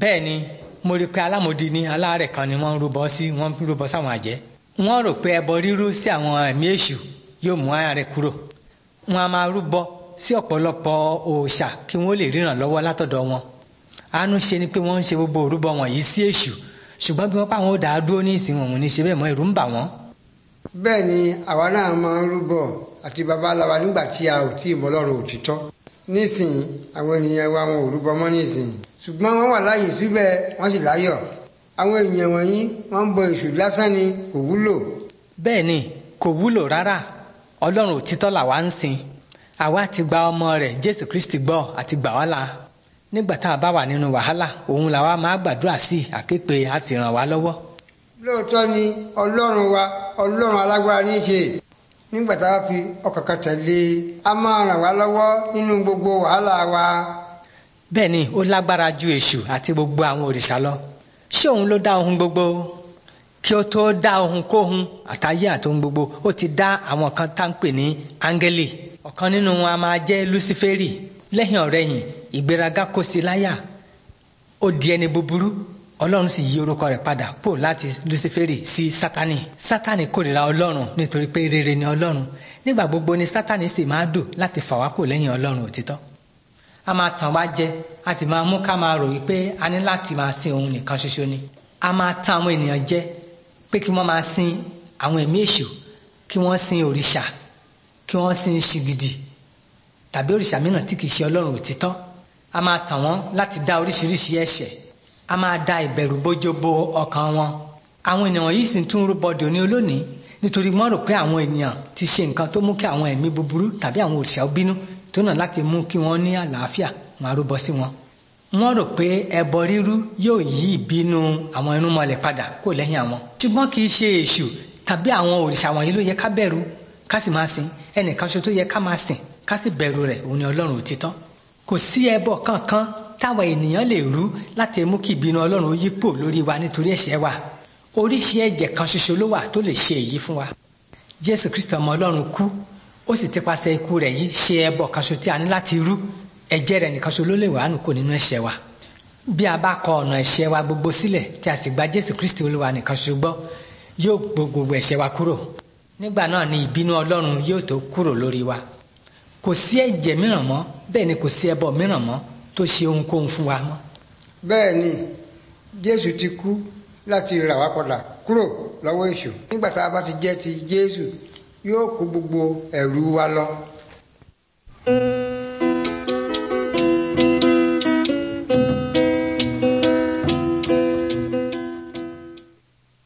bẹ́ẹ̀ ni mo rí i pé alámòdì ni aláàrẹ̀ kan ni wọ́n ń rúbọ sí wọ́n ń rúbọ sáwọn àjẹ́ wọ́n rò pé ẹbọ rírú sí àwọn ẹ̀mí èṣù yóò mú àárẹ̀ kúrò wọ́n a máa rúbọ sí ọ̀pọ̀lọpọ̀ òòṣà kí wọ́n lè ríran lọ́wọ́ látọ̀dọ̀ wọn àánú ṣe ni pé wọ́n ń ṣe gbogbo òrúbọ wọ̀nyí sí èṣù ṣùgbọ́n bí wọ́n pa àwọn òdà dúró ní ìsìn wọn ní ṣe bẹ́ẹ̀ mọ́ ẹ̀rù ń bà wọ́n. bẹ́ẹ̀ ni àwa náà máa ń rúbọ àti babaláwa nígbà tí a ò tí ì mọ Ọlọ́run òtítọ́ nísìnyí àwọn ènìyàn wa wọn ò rúbọ mọ́ nísìnyí ṣùgbọ́n wọ́n wà láàyè síbẹ̀ wọ́n sì láyọ̀ àwọn èèyàn wọ̀nyí wọ́n ń bọ èṣù lásán ni kò wúlò. bẹ́ẹ̀ ni kò wúlò rárá ọlọ́run òtítọ́ làwa ń sìn àwa ti gba ọmọ rẹ̀ jésù kristi gbọ́ àti gbà wá là nígbà tá a bá wà nínú wàhálà òun làwa máa gbàdúrà sí àképe a sì ràn wá lọ́wọ́. lóòótọ́ ni ọlọ́run wa ọlọ́run alágbára ní í ṣe nígbà tá a fi ọkàn kan tẹ̀lé e, a máa ràn wá lọ́wọ́ nínú gbogbo wàhálà wa bẹ́ẹ̀ ni ó lágbára ju èṣù àti gbogbo àwọn òrìṣà lọ ṣé òun ló dá ohun gbogbo kí ó tó dá ohun kóhun àtayé àtohun gbogbo ó ti dá àwọn kan tá ń pè ní áńgẹ́lì ọ̀kan nínú wọn a máa jẹ́ lúsífẹ́rì lẹ́yìn ọ̀rẹ́yìn ìgbéraga kò sí láyà ó di ẹni búburú ọlọ́run sì yí orúkọ rẹ̀ padà pò láti lúsífẹ́rì sí sátani sátani kórìíra ọlọ́run nítorí pé rere ni ọlọ́run nígbà gbogbo ni sátani sì máa dùn láti fà wá lẹ́yìn ọlọ́run òtítọ́ a máa tàn wá jẹ a sì máa mú ká máa rò wípé a ní láti máa sin òun nìkan ṣoṣo ni a máa tàn àwọn ènìyàn jẹ pé kí wọ́n máa sin àwọn ẹ̀mí èṣù kí wọ́n sin òrìṣà kí wọ́n sin ṣìgìdì tàbí òrìṣà mìíràn tí kìí ṣe ọlọ́run òtítọ́ a máa tàn wọ́n láti dá oríṣiríṣi ẹ̀ṣẹ̀ a máa da ìbẹ̀rù bójó bo ọkàn wọn àwọn ènìyàn yìí sì tún rúbọ dòní olónìí nítorí wọ́n rò pé àwọn ènìyàn ti ṣe nǹkan tó mú kí àwọn ẹ̀mí búburú tàbí àwọn òrìṣà bínú tó nà láti mú kí wọ́n ní àlàáfíà wọn arúbọ sí wọn. wọ́n rò pé ẹbọ rírú yóò yí ìbínú àwọn irúnmọlẹ̀ padà kó lẹ́yìn àwọn. ṣùgbọ́n kì í ṣe èṣù tàbí àwọn òrìṣà wọ̀nyí ló yẹ ká bẹ̀rù ká sì máa sìn ẹnìkan ṣo tó yẹ ká máa sìn ká sì bẹ̀rù rẹ̀ òun ni ọlọ́run òtítọ́. kò sí ẹbọ kankan táwa ènìyàn lè rú láti mú kí ìbínú ọlọ́run yípo lórí wa nítorí ẹ̀ṣẹ̀ wa oríṣi ẹ̀jẹ̀ kan ṣoṣo ló wà tó lè ṣe èyí fún wa. jésù kristu ọmọ ọlọ́run kú ó sì ti paṣẹ ikú rẹ̀ yìí ṣe ẹbọ kanṣo tí a ní láti rú ẹ̀jẹ̀ rẹ̀ nìkanṣo ló lè wàánu kó nínú ẹ̀ṣẹ̀ wa bí a bá kọ ọ̀nà ẹ̀ṣẹ̀ wa gbogbo sílẹ̀ tí a sì gba Jésù Kristi Olúwa nìkanṣo gbọ́ yóò gbó gbogbo ẹ̀ṣẹ̀ wa kúrò nígbà náà ni ìbínú Ọlọ́run yóò tó kúrò lórí wa kò sí ẹ̀jẹ̀ mìíràn mọ́ bẹ́ẹ̀ ni kò sí ẹbọ mìíràn mọ́ tó ṣe ohunkóhun fún wa mọ́. bẹ́ẹ̀ ni Jésù ti kú láti rà padà kúrò lọ́wọ́ èṣù nígbà tá a bá ti jẹ́ ti Jésù yóò kó gbogbo ẹ̀rù wa lọ. Mm.